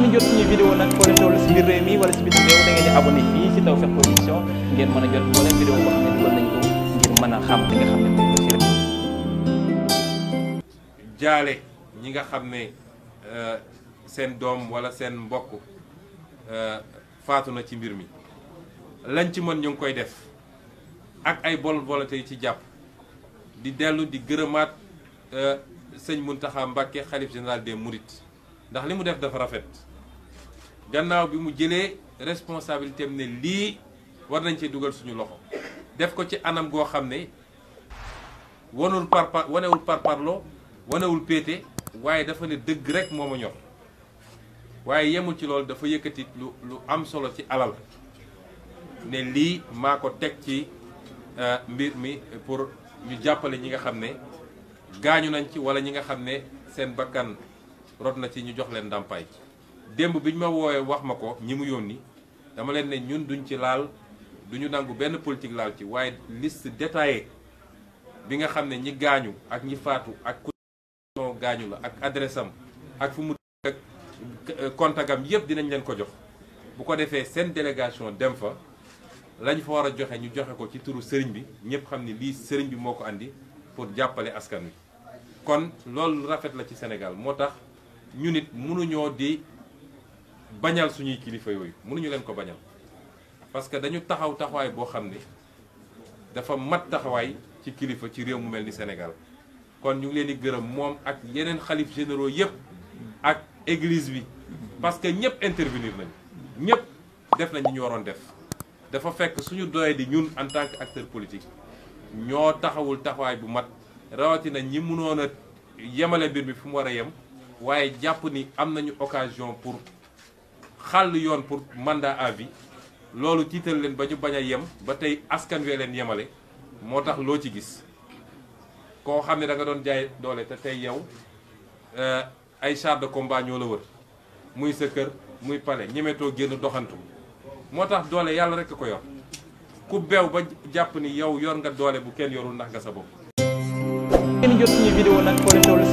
ngeen jot suñu vidéo nag foo a jot moo leen mën a xam li nga xam ne jaale ñi nga xam ne euh, seen doom wala seen mbokk euh, faatu na ci mbir mi lañ ci mën ñu ngi koy def ak ay bonne volonté yi ci jàpp di dellu di gërëmaat mun euh, Mountakha Mbacké xalif général de murit ndax li mu def dafa rafet gannaaw bi mu jëlee responsabilité ne lii war nañ cee dugal suñu loxo def ko ci anam goo xam ne wanul par par wanewul par parloo wanewul péete waaye dafa ne dëgg rek moo ma ñor waaye yemul ci loolu dafa yëkkati lu lu am solo ci alal ne lii maa ko teg ci euh, mbir mi pour ñu jàppale ñi nga xam ne gaañu nañ ci walla ñi nga xam ne seen bakkan rot na ci ñu jox leen ndàmpaay démb bi ñu ma woowee wax ma ko ñi mu yónni dama leen ne ñun duñ ci laal duñu nangu benn politique laal ci waaye liste détaillée bi nga xam ne ñi gaañu ak ñi faatu ak ku gaañu la ak adresse am ak fu mu ak kontagam yëpp dinañ leen ko jox bu ko defee seen délégation dem fa lañ fa war a joxe ñu joxe ko ci turu sëriñ bi ñëpp xam ne lii sëriñ bi moo ko andi pour jàppale askan wi kon loolu rafet la ci Sénégal moo tax ñu nit mënuñoo di bañal suñuy kilifa yooyu mënuñu leen ko bañal parce que dañu taxaw taxawaay boo xam ne dafa mat taxawaay ci kilifa ci réew mu mel ni Sénégal kon ñu ngi leen di gërëm moom ak yeneen xalif généraux yëpp ak église bi parce que ñëpp intervenir nañu ñëpp def nañ li ñu waroon def dafa fekk suñu doye di ñun en tant que acteur politique ñoo taxawul taxawaay bu mat rawatina ñi mënoon a yemale mbir mi fu mu war a yem waaye jàpp ni am nañu occasion pour xàll yoon pour mandat à vie loolu tiital leen ba ñu bañ a yem ba tey askan wee leen yemale moo tax loo ci gis koo xam ne da nga doon jaay doole te tey yow eh, ay char de combat ñoo la wër muy sa kër muy palais ñemetoo génn doxantu moo tax doole yàlla rekk ko yor ku beew ba jàpp ni yow yor nga doole bu kenn yorul ndax nga sa bopp.